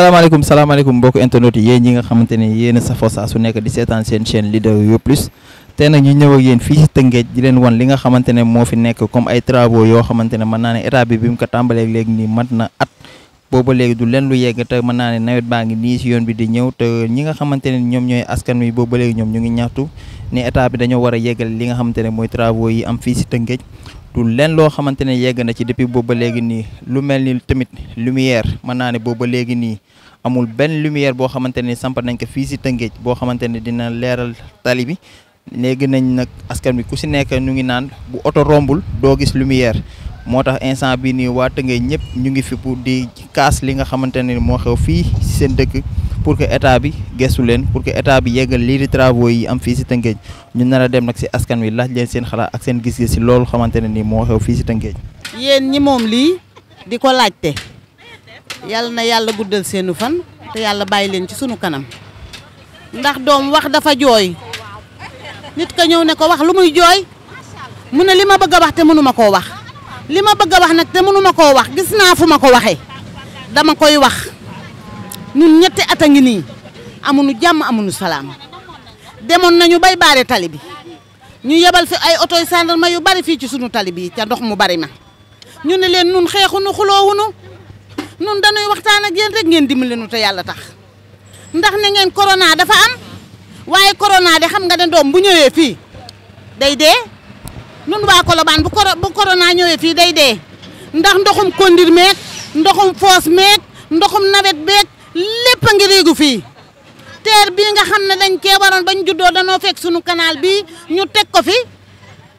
salaamaaleykum salaamaaleykum mbokk internet yi yéen ñi nga xamante ne yéen a su nekk di seetaan seen chaîne leader yo plus te nag ñu ñëw ak yéen fii si Tëngéej di leen wan li nga xamante ne moo fi nekk comme ay travaux yoo xamante ne mën naa ne état bi bi mu ko tàmbalee léegi nii mat na at booba léegi du leen lu yegg te mën naa ne nawet baa ngi nii si yoon bi di ñëw te ñi nga xamante ne ñoom ñooy askan wi booba léegi ñoom ñu ngi ñaxtu ne état bi dañoo war a yeggal li nga xamante ne mooy travaux yi am fii si Tëngéej du lenn loo xamante ne yegg na ci depuis boobu ba léegi nii lu mel ni tamit lumière mën naa ne boobu ba léegi nii amul benn lumière boo xamante ne samp nañ ko fii si Tëngéej boo xamante ne dina leeral tali bi léegi nañ nag askan bi ku si nekk ñu ngi naan bu oto rombul doo gis lumière moo tax instant bi nii waa Tëngéej ñëpp ñu ngi fi pour di kaas li nga xamante ne moo xew fii si seen dëkk pour que état bi gestu leen pour que état bi yeggal lii di travaux yi am fii si Tëngéej ñu nar a dem nag si askan wi laaj leen seen xalaat ak seen gis-gis si loolu xamante ne nii moo xew fii si Tëngéej. yéen ñi moom lii di ko laajte yal na yàlla guddal seenu fan te yàlla bàyyi leen ci sunu kanam ndax doom wax dafa jooy nit ka ñëw ne ko wax lu muy jooy mu ne li ma bëgg a wax te mënuma ma koo wax li ma bëgg a wax nag te mënu ma koo wax gis naa fu ma ko waxee dama koy wax. ñun ñetti at a ngi nii amuñu jàmm amuñu salaam demoon nañu bay baare tali ñu yebal fi ay oto gendarme yu bari fii ci sunu tali bi ca ndox mu bari ma ñun ne leen nun xeexunu xuloowunu nun dañuy waxtaan ak yéen ngeen dimbali nu te yàlla tax ndax ne ngeen corona dafa am waaye corona de xam nga ne doom bu ñëwee fii day de nun waa Colobane bu bu corona ñëwee fii day de ndax ndoxum kondir meek ndoxum foos meek ndoxum nawet beek lépp a ngi réegu fii teer bii nga xam ne dañ kee waroon bañ juddoo danoo fekk sunu canal bii ñu teg ko fi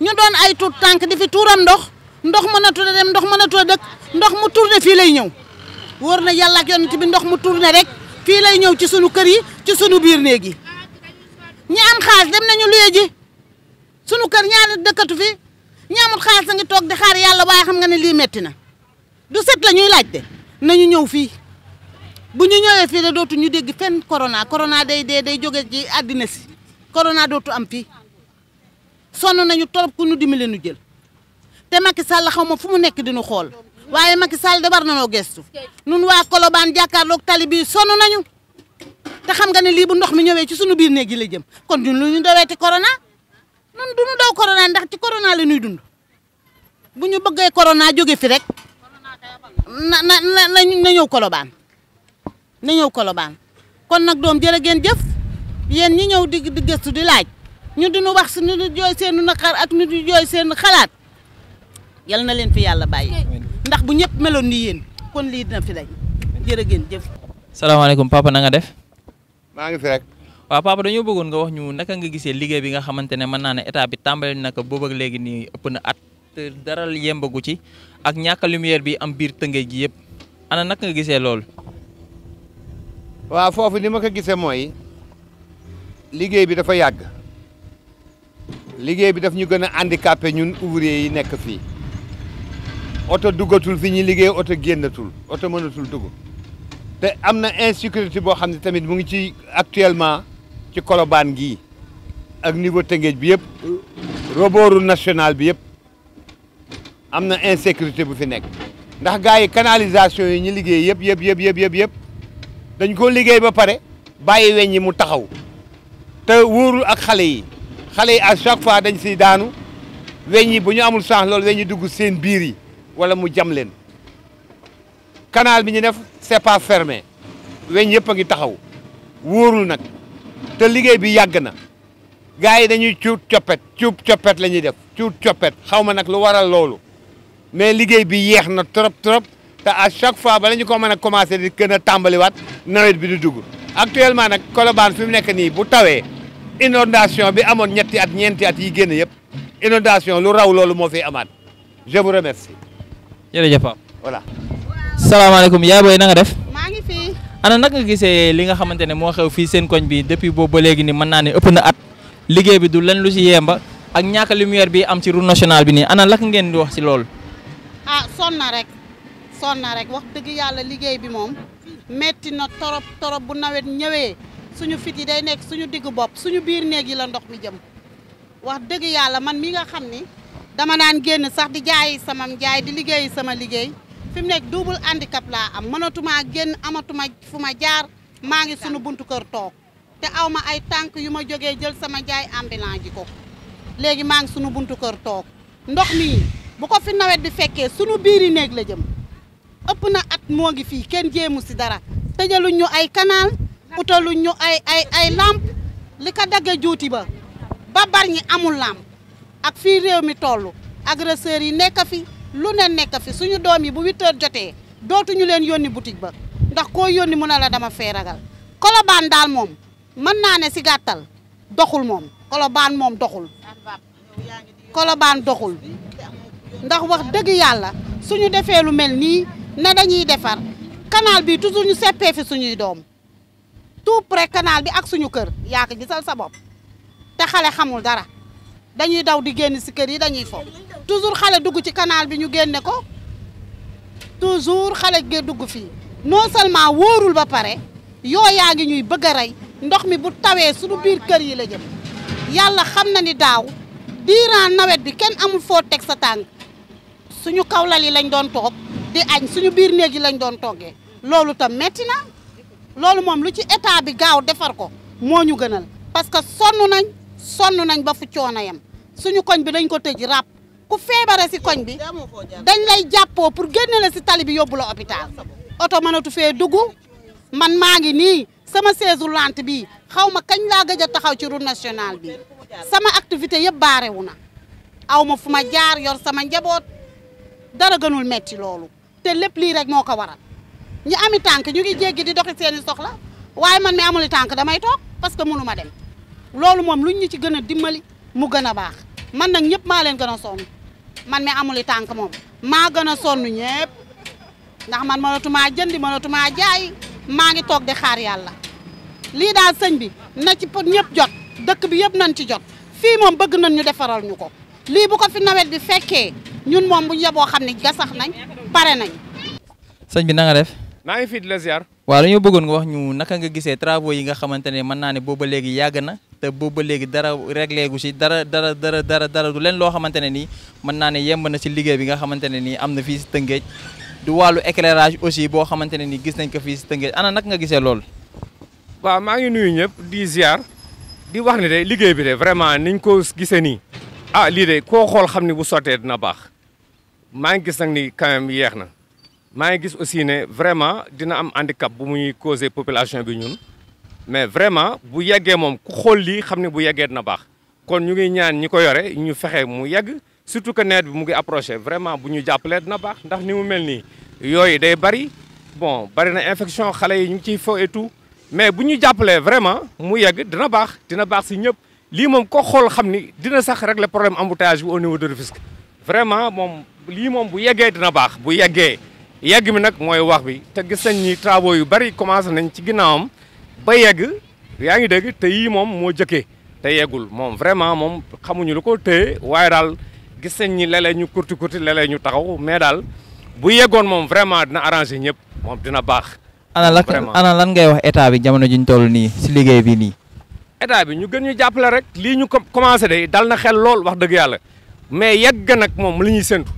ñu doon ay tuut tànk di fi tuuram ndox ndox mënatu dem ndox mënatu dëkk ndox mu tourné fii lay ñëw wóor na yàlla ak yonent bi ndox mu tourné rek fii lay ñëw ci sunu kër yi ci sunu biir néeg yi xaas dem nañu luye sunu kër ñaari dëkkatu fi ñi amul xaas a ngi toog di xaar yàlla waaye xam nga ne lii metti na du set la laaj de nañu ñëw fii bu ñu ñëwee fii de dootu ñu dégg fenn corona korona day dee day jóge ci àddina si corona dootu am fii sonn nañu torop ku ñu dimbali nu jël te Macky Sall xaw ma fu mu nekk dinu xool waaye Macky Sall war na noo gestu nun waa Colobane jàkkaarloog tali bi sonn nañu te xam nga ne lii bu ndox mi ñëwee ci suñu biir néeg yi la jëm kon ñun lu ñu doweeti corona nun du ñu daw ndax ci corona la ñuy dund bu ñu bëggee corona jóge fi rek na na na na ñëw Colobane na ñëw Colobane kon nag doom jërë ngeen jëf yéen ñi ñëw di di gëstu di laaj ñu di nu wax naqar ak ñu di jooy seen xalaat yal na leen fi yàlla bàyyi ndax bu ñëpp meloon ni yéen kon lii dina fi dañ jërë ngeen jëf. salaamaaleykum papa na nga def. maa ngi fi rek. dañoo bëggoon nga wax ñu naka nga gisee liggéey bi nga xamante ne mën naa ne état bi tàmbali na ko boobu léegi nii ëpp na at te dara yembagu ci ak ñàkk lumière bi am biir tëngéej gi yëpp ana naka nga gisee lool waaw foofu ni ma ko gisee mooy liggéey bi dafa yàgg liggéey bi daf ñu gën a handicapé ñun ouvrier yi nekk fii oto duggatul fi ñuy liggéey oto génnatul oto mënatul dugg te am na insécurité boo xam ne tamit mu ngi ci actuellement ci Colobane gi ak niveau Tëngéej bi yëpp roboru national bi yëpp am na insécurité bu fi nekk ndax gars yi canalisation yi ñu liggéey yëpp yëpp yëpp yëpp yëpp yëpp dañ koo liggéey ba pare bàyyi weñ yi mu taxaw te wóorul ak xale yi xale yi à chaque fois dañ si daanu weñ yi bu ñu amul chance loolu weñ dugg seen biir yi wala mu jam leen canal bi ñu def c'est pas fermé weñ yëpp a ngi taxaw wóorul nag te liggéey bi yàgg na gars yi dañuy cuut coppet cuut coppet la ñuy def cuut coppet xaw ma nag lu waral loolu mais liggéey bi yeex na trop trop te à chaque fois bala ñu ko mën a commencé di gën a tàmbaliwaat nawet bi di dugg actuellement nag Colobane fi mu nekk nii bu tawee inondation bi amoon ñetti at ñeenti at yi génn yëpp inondation lu raw loolu moo fi amaat je vous remercie. jërëjëf Pape voilà. salaamaaleykum yaa booy na nga def. maa ngi fi. nag nga gisee li nga xamante ne moo xew fii seen koñ bi depuis boobu ba léegi ni mën naa ne ëpp na at liggéey bi du leen lu ci yemba ak ñàkk lumière bi am si route nationale bi nii ana lak ngeen di wax ci loolu. Ah, sonn rek wax dëgg yàlla liggéey bi moom metti na torop torop bu nawet ñëwee suñu fit yi day nekk suñu diggu bopp suñu biir néeg yi la ndox mi jëm wax dëgg yàlla man mi nga xam ni dama naan génn sax di jaayi sama jaay di liggéeyi sama liggéey fi mu nekk double handicap laa am mënatumaa génn amatuma fu ma jaar maa ngi suñu buntu kër toog te aw ma ay tànk yu ma jógee jël sama jaay ambulance ji ko léegi maa ngi suñu buntu kër toog ndox mi bu ko fi nawet bi fekkee suñu biiri néeg la jëm ëpp na at moo ngi fii kenn jéemu si dara tëjaluñ ñu ay canal utaluñ ñu ay ay ay làmp li ko dagge juuti ba ba bar ñi amul làmp ak fii réew mi toll agresseurs yi nekk fi lu ne nekk fi suñu doom yi bu huit heures jotee dootuñu leen yónni boutique ba ndax koo yónni mun a la dama fee ragal kolobaan daal moom mën naa ne si gàttal doxul moom kolobaan moom doxul kolobaan doxul ndax wax dëgg yàlla suñu defee lu mel nii ne dañuy defar canal bi toujours ñu seppee fi suñuy doom tout près canal bi ak suñu kër yaa ko gisal sa bopp te xale xamul dara dañuy daw di génn si kër yi dañuy fo toujours xale dugg ci canal bi ñu génne ko toujours xale gi dugg fi non seulement wóorul ba pare yoo yaa ngi ñuy bëgg a rey ndox mi bu tawee suñu biir kër yi la jëm yàlla xam na ni daaw diiran nawet bi kenn amul foo teg sa tànk suñu kawlal yi lañ doon toog di añ suñu biir néeg yi lañ doon toggee loolu tam metti na loolu moom lu ci état bi gaaw defar ko moo ñu gënal parce que sonn nañ sonn nañ ba fu coono yam suñu koñ bi dañ ko tëj ràpp ku feebare si koñ bi dañ lay jàppoo pour génne la si tali bi yóbbu la hôpital oto mënatu fee dugg man maa ngi nii sama chaise roulante bi xaw ma kañ laa gëj a taxaw ci route nationale bi sama activité yëpp baarewu na aw ma fu ma jaar yor sama njaboot dara gënul metti loolu te lépp lii rek moo ko waral ñi ami tànk ñu ngi jéggi di doxi seeni soxla waaye man mi amul i tànk damay toog parce que mënu ma dem loolu moom luñ ñu ci gën a dimmali mu gën a baax man nag ñëpp maa leen gën a sonn man mi amul i tànk moom maa gën a sonn ñëpp ndax man mënatumaa jëndi mënatumaa jaay maa ngi toog di xaar yàlla lii daal sëñ bi na ci pour ñëpp jot dëkk bi yëpp nañ ci jot fii moom bëgg nañ ñu defaral ñu ko lii bu ko fi nawet bi fekkee ñun moom bu ñu yeboo xam ne gasax pare nañ sëñ bi na nga def. maa ngi fii di la ziar. waaw dañoo bëggoon nga wax ñu naka nga gisee travaux yi nga xamante ne mën naa ne booba léegi yàgg na te booba léegi dara réglé gu si dara dara dara dara dara du leen loo xamante ne nii mën naa ne yemb na si liggéey bi nga xamante ne nii am na fii si Tëngéej du wàllu éclairage aussi boo xamante ne nii gis nañ ko fii si Tëngéej ana nag nga gisee loolu. waaw maa ngi nuyu ñëpp di ziar di wax ne de liggéey bi de vraiment niñ ko gisee nii ah lii koo xool xam ne bu sottee dina baax. maa ngi gis nag ni quand même yeex na maa ngi gis aussi ne vraiment dina am handicap bu muy causer population bi ñun mais vraiment bu yeggee moom ku xool lii xam ne bu yeggee dina baax kon ñu ngi ñaan ñi ko yore ñu fexe mu yegg surtout que nawet bi mu ngi approché vraiment bu ñu jàppalee dina baax ndax ni mu mel nii yooyu day bari bon bari na infection xale yi ñu ngi ciy fo et tout mais bu ñu jàppalee vraiment mu yegg dina baax dina baax si ñëpp lii moom ko xool xam ni dina sax régler problème embouteillage au niveau de Rufisque moom lii moom bu yeggee dina baax bu yeggee yegg mi nag mooy wax bi te gis nañ ni travaux yu bari commencé nañ ci ginnaawam ba yegg yaa ngi dégg te yii moom moo jëkkee te yeggul moom vraiment moom xamuñu lu ko téye waaye daal gis nañ ni léeg ñu kurti kurti léeg ñu taxaw mais daal bu yeggoon moom vraiment dina arrangé ñëpp moom dina baax. ana lan ana lan ngay wax état bi jamono juñ toll nii si liggéey bi nii. état bi ñu gën ñu jàppale rek lii ñu commencé de dal na xel lool wax dëgg yàlla ñuy séntu.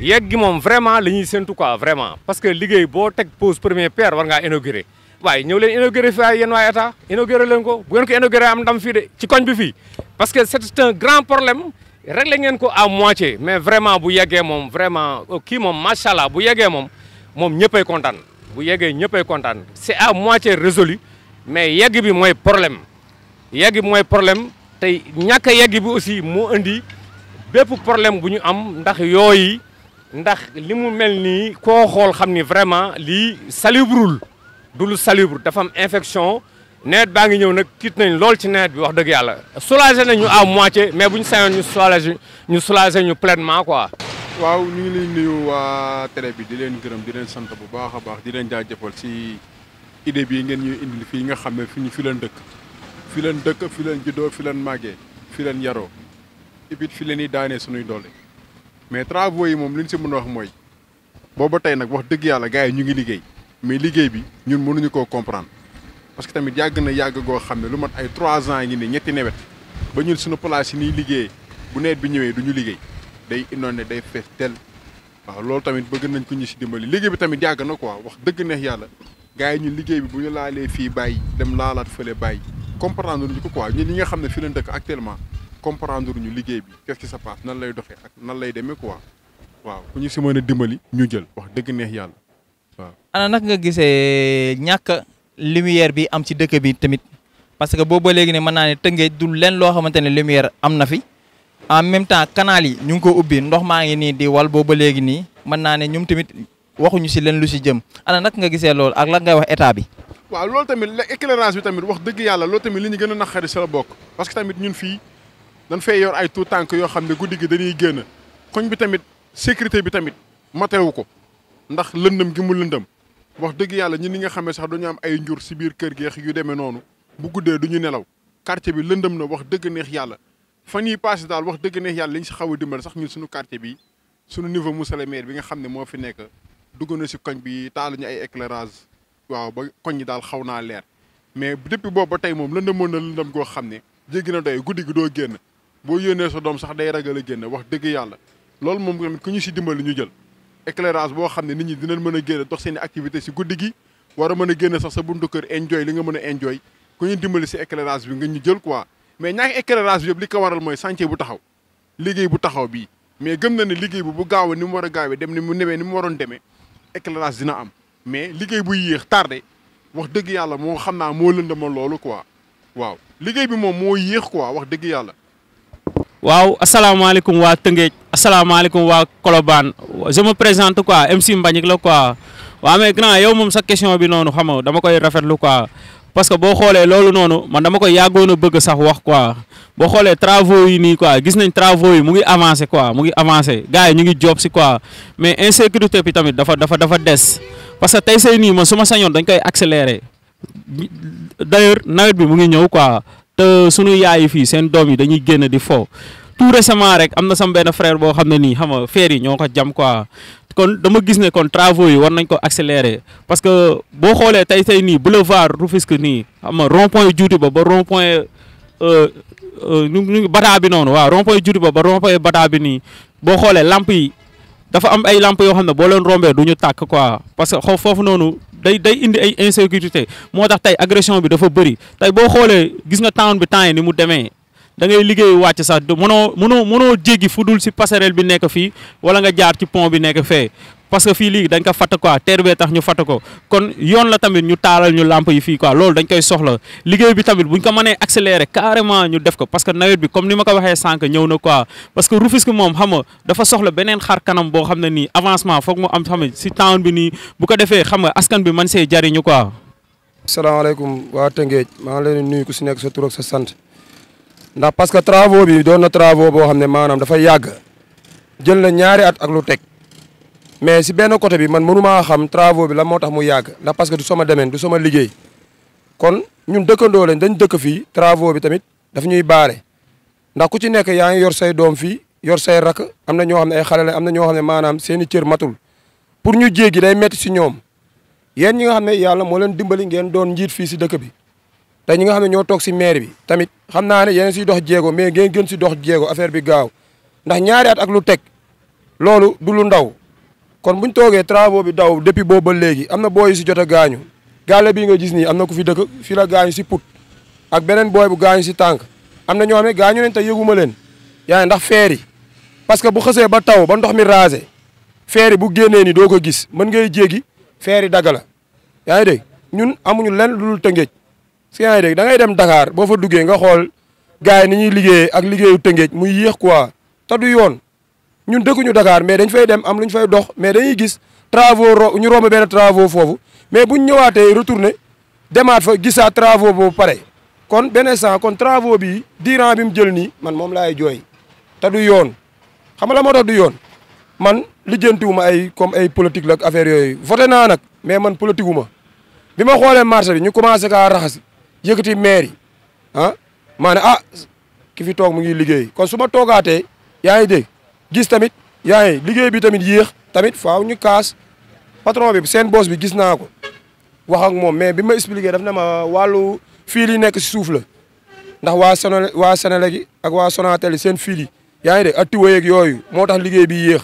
yegg gi moom vraiment li ñuy séntu quoi vraiment parce que liggéey boo teg pose première pierre war ngaa inauguré waaye ñëw leen inauguré fi ay yéen waa état inauguré leen ko bu ngeen ko am ndam fii de ci koñ bi fii parce que c'est un grand problème réglé ngeen ko à moitié mais vraiment bu yeggee moom vraiment euh, kii moom macha allah bu yeggee moom moom ñëppay kontaan bu yeggee ñëppay kontaan c'est à moitié résolu mais yegg bi mooy problème yegg bi mooy problème tey ñàkk a yegg bi aussi moo indi bépp problème bu ñu am ndax yooyu ndax li mu mel nii koo xool xam ni vraiment lii salubrul dul lu salubre dafa am infection nawet baa ngi ñëw nag tiit nañ lool ci nawet bi wax dëgg yàlla soulagé nañu à moitié mais bu ñu sañoon ñu solage ñu soulagé ñu pleinement quoi waaw ñu ngi leen nuyu waa télé bi di leen gërëm di leen sant bu baax a baax di leen jaajëfal ci idée bii ngeen ñuy indil fii nga xam ne fi ñu fi leen dëkk fi leen dëkk fi leen juddoo fi leen màggee fi leen yaroo et puis fi leen i daanee suñuy doole mais travaux yi moom li ñu si mën a wax mooy booba tey nag wax dëgg yàlla gars yi ñu ngi liggéey mais liggéey bi ñun mënuñu ko comprendre parce que tamit yàgg na yàgg goo xam ne lu mat ay trois ans ngi ne ñetti nawet ba ñun suñu place yi niy liggéeyee bu nawet bi ñëwee du ñu liggéey day inondé day fees tel waaw loolu tamit bëgg nañ ko ñu si dimbali liggéey bi tamit yàgg na quoi wax dëgg neex yàlla gaa yi ñun liggéey bi bu ñu laalee fii bàyyi dem laalaat fële bàyyi comprendre ñu ko quoi ñun ñi nga xam ne fi lañ dëkk actuellement comprendre ñu liggéey bi qu'est-ce qui se passe nan lay doxee ak nan lay demee quoi waaw ku ñu si mën a dimbali ñu jël wax dëgg neex yàlla waaw. ana nag nga gisee ñàkk lumière bi am si dëkk bi tamit parce que boobu ba léegi ne mën naa ne tëngee du leen loo xamante ne lumière am na fi en même temps canal yi ñu ngi ko ubbi ndox maa ngi nii di wal boobu ba léegi nii mën naa ne ñoom tamit waxuñu si leen lu si jëm ana nag nga gisee loolu ak lan ngay wax état bi. waaw loolu tamit l'éclairage bi tamit wax dëgg yàlla loolu tamit li ñu gën a naqari sa la bokk parce que tamit ñun fii dañ fay yor ay tout tànk yoo xam ne guddi gi dañuy génn koñ bi tamit sécurité bi tamit matewu ko ndax lëndëm gi mu lëndëm wax dëgg yàlla ñi ni nga xamee sax dañu am ay njur si biir kër geex yu demee noonu bu guddee du ñu nelaw quartier bi lëndëm na wax dëgg neex yàlla fan yii passé daal wax dëgg neex yàlla li si xaw dimbal sax ñun suñu quartier bi suñu niveau monsieur le bi nga xam ne moo fi nekk dugg na si koñ bi taal ñu ay éclairage waaw ba koñ yi daal xaw naa leer mais depuis boobu ba tey moom lëndëmoon na lëndëm goo xam ne jéggi na doy guddi gi doo génn boo yéenee sa doom sax day ragal a génne wax dëgg yàlla loolu moom tamit ku ñu si dimbali ñu jël éclairage boo xam ne nit ñi dinañ mën a génne dox seen i activité si guddi gi war a mën a génne sax sa buntu kër enjoy li nga mën a enjoy ku ñu dimbali si éclairage bi nga ñu jël quoi mais ñaari éclairage bi yëpp li ko waral mooy chantier bu taxaw liggéey bu taxaw bi mais gën na ne liggéey bu bu gaaw ni mu war a gaawee dem ni mu newee ni mu waroon demee éclairage dina am mais liggéey buy yéex tardé wax dëgg yàlla moo xam naa moo lëndama loolu quoi waaw liggéey bi moom moo yéex quoi wax dëgg yàlla waaw asalaamaaleykum waa Tëngéej asalaamaaleykum waa Colobane je me présente quoi MC Mbagnick la quoi waaw mais grand yow moom sa question bi noonu xam nga dama koy rafetlu quoi parce que boo xoolee loolu noonu man dama koy yàggoon a bëgg sax wax quoi boo xoolee travaux yi nii quoi gis nañ travaux yi mu ngi avancé quoi mu ngi avancé gars yi ñu ngi job si quoi mais insécurité bi tamit dafa dafa dafa des parce que tey say nii ma su ma sañoon dañ koy accéléré d'ailleurs nawet bi mu ngi ñëw quoi te sunu yaay yi fii seen doom yi dañuy génn di fo tout récemment rek am na sama benn frère boo xam ne nii xam nga feer yi ñoo ko jam quoi kon dama gis ne kon travaux yi war nañ ko accélérer parce que boo xoolee tey tey nii boulevard Rufisque nii xam nga rond point juuti ba ba rond point ñu euh, euh, bataa bi noonu waa rond point juuti ba ba rond point bataa bi nii boo xoolee lamp yi dafa am ay lamp yoo xam ne boo leen rombee du ñu tàkk quoi parce que xaw foofu noonu day day indi ay insécurité moo tax tey agression bi dafa bëri tey boo xoolee gis nga town bi temps yi ni mu demee dangay ngay liggéey wàcc sax mënoo mënoo mënoo jéggi fu dul si passerelle bi nekk fii wala nga jaar ci pont bi nekk fee parce que fii lii dañ ko fatt quoi teer bee tax ñu fatt ko kon yoon la tamit ñu taalal ñu làmp yi fii quoi loolu dañ koy soxla liggéey bi tamit buñ ko mënee accélérer carrément ñu def ko parce que nawet bi comme ni ma ko waxee sànq ñëw na ko parce que Rufisque moom xam nga dafa soxla beneen xar kanam boo xam ne nii avancement foog mu am xam nga si town bi nii bu ko defee xam nga askan bi man see jariñu quoi. salaamaaleykum waa Tëngéej maa ngi leen di nuyu ku si nekk sa tur sa sant. ndax parce que travaux bi doon na travaux boo xam ne maanaam dafa yàgg jël na ñaari at ak lu teg mais si benn côté bi man mënumaa xam travaux bi la moo tax mu yàgg ndax parce que du sama demeen du sama liggéey kon ñun dëkkandoo lañ dañ dëkk fii travaux bi tamit daf ñuy baare ndax ku ci nekk yaa ngi yor say doom fii yor say rakk am na ñoo xam ne ay xale la am na ñoo xam ne maanaam seen i cër pour ñu jéggi day metti si ñoom yéen ñi nga xam ne yàlla moo leen dimbali ngeen doon njiit fii si dëkk bi te ñi nga xam ne ñoo toog si maire bi tamit xam naa ne yeneen siy dox jéego mais ngeen gën si dox jéego affaire bi gaaw ndax ñaari at ak lu teg loolu du lu ndaw kon buñ toogee travaux bi daw depuis boobu ba léegi am na booy si jot gaañu gaale bii nga gis nii am na ku fi dëkk fi la gaañu si put ak beneen booy bu gaañu si tànk am na ñoo xam ne gaañu leen te yëguma leen yaa ndax feer yi parce que bu xësee ba taw ba ndox mi raase feer bu génnee ni doo ko gis mën ngay jéggi feer yi dagg la yaa ngi dégg ñun amuñu len lu dul tëngéej si yaa ngi dégg da ngay dem Dakar boo fa duggee nga xool gars yi ni ñuy liggéeyee ak liggéeyu tëngeej muy yéex quoi te du yoon ñun dëkkuñu Dakar mais dañ fay dem am lu ñu fay dox mais dañuy gis travaux ñu romb benn travaux foofu mais buñ ñëwaatee retourné demaat fa gisaa travaux boobu pare kon benn sant kon travaux bi diiran bi mu jël nii man moom laay jooy te du yoon xam nga la moo tax du yoon man lijjantiwuma ay comme ay politique la ak affaire yooyu voté naa nag mais man politique ma bi ma xoolee marché bi ñu commencé kaa raxasi yëkkati maire yi ah maa ne ah ki fi toog mu ngi liggéey kon su ma toogaatee yaa ngi dégg gis tamit yaa ngi liggéey bi tamit yéex tamit faaw ñu kaas patron bi seen boss bi gis naa ko wax ak moom mais bi ma expliqué daf na ma wàllu fiil yi nekk si suuf la ndax waa Senelec waa Senelec gi ak waa Sonatel seen fiil yi yaa ngi dégg ak yooyu moo tax liggéey bi yéex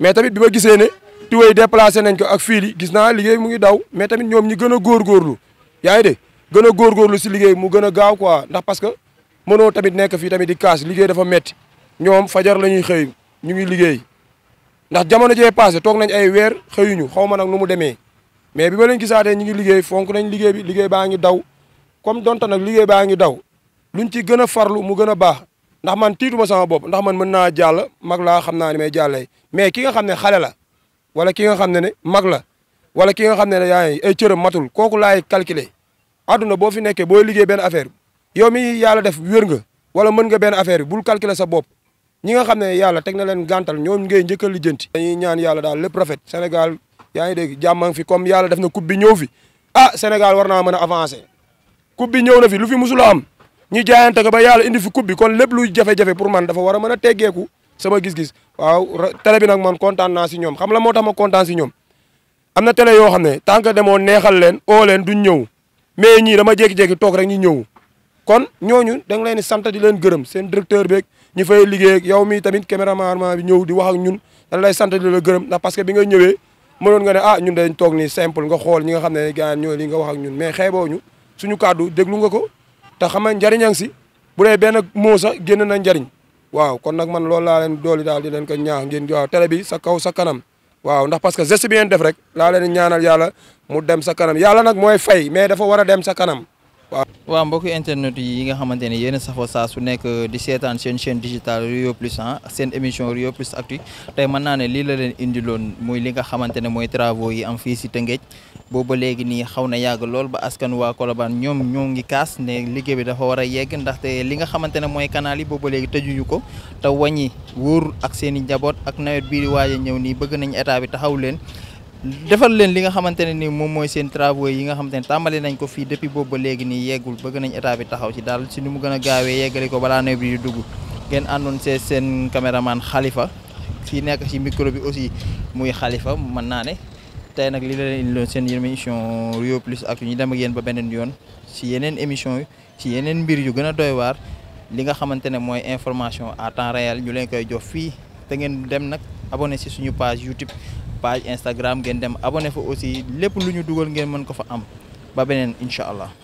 mais tamit bi ma gisee ne tiwo yi déplacé nañ ko ak fiil yi gis naa liggéey mu ngi daw mais tamit ñoom ñi gën a góorgóorlu yaa ngi dégg gën a góorgóorlu si liggéey mu gën a gaaw quoi ndax parce que mënoo tamit nekk fii tamit di kaas liggéey dafa metti ñoom fajar lañuy xëy ñu ngi liggéey ndax jamono jee passé toog nañ ay weer xëyuñu xaw ma nag nu mu demee mais bi ma leen gisaatee ñu ngi liggéey fonk nañ liggéey bi liggéey baa ngi daw comme donte nag liggéey baa ngi daw luñ ci gën a farlu mu gën a baax ndax man tiituma sama bopp ndax man mën naa jàll mag laa xam naa ni may jàllee mais ki nga xam ne xale la wala ki nga xam ne ne mag la wala ki nga xam ne ne yaa ay cëram matul kooku laay calculer àdduna boo fi nekkee booy liggéey benn affaire yow mi yàlla def wér nga wala mën nga benn affaire bi bul calculer sa bopp ñi nga xam ne yàlla teg na leen gàntal ñoom ngay njëkk a lijjanti dañuy ñaan yàlla daal lépp rafet Sénégal yaa ngi dégg jàmm fi comme yàlla def na coupe bi ñëw fi ah Sénégal war naa mën a avancer coupe bi ñëw na fi lu fi musula am ñu jaayante ko ba yàlla indi fi coupe bi kon lépp luy jafe-jafe pour man dafa war a mën a teggeeku sama gis-gis waaw télé bi nag man kontaan naa si ñoom xam la moo tax ma kontaan si ñoom am na télé yoo xam ne tant que demoo neexal leen oo leen duñ ñëw mais ñii dama jékki-jékki toog rek ñu ñëw kon ñooñu da nga leen di sant di leen gërëm seen directeur beeg ñu fay liggéey ak yow mii tamit caméraman bi ñëw di wax ñun dañ lay sant di la gërëm ndax parce que bi nga ñëwee mënoon nga ne ah ñun dañ toog nii simple nga xool ñi nga xam ne gars ñoo li nga wax ak ñun mais xeeboo ñu suñu kàddu déglu nga ko te xam nga njariñ a si bu dee benn moo sax génn na njariñ waaw kon nag man loolu laa leen dooli daal di leen ko ñaax ngeen waaw télé bi sa kaw sa kanam waaw ndax parce que geste bi ngeen def rek laa leen ñaanal yàlla mu dem sa kanam yàlla nag mooy fay mais dafa war a dem sa kanam waaw waaw mbokku internet yi nga xamante ne yéen a saa su nekk di seetaan seen chaîne digitale Rio Plus ah seen émission Rio Plus Actu tey mën naa ne lii la leen indiloon muy li nga xamante ne mooy travaux yi am fii si Tëngéej booba léegi nii xaw na yàgg lool ba askan waa Colobane ñoom ñoo ngi kaas ne liggéey bi dafa war a yegg ndaxte li nga xamante ne mooy canal yi booba léegi tëjuñu ko te wàññi wuur ak seen i njaboot ak nawet bii di ñëw nii bëgg nañ état bi taxaw leen defal leen li nga xamante ne ni moom mooy seen travaux yi nga xamante ne tàmbali nañ ko fii depuis boobu ba léegi nii yeggul bëgg a état bi taxaw ci daal si nu mu gën a gaawee yeggale ko balaa nawet bi dugg ngeen àndoon see seen caméraman xalifa kii nekk ci micro bi aussi muy Khalifa mën naa ne tey nag li la leen indiloon seen yeneen émission Rio Plus ak ñu dem yéen ba beneen yoon si yeneen émission yi si yeneen mbir yu gën a doywaar li nga xamante ne mooy information à temps réel ñu leen koy jox fii te ngeen dem nag abonné si suñu page YouTube. page Instagram ngeen dem abonné fa aussi lépp lu ñu dugal ngeen mën ko fa am ba beneen incha allah.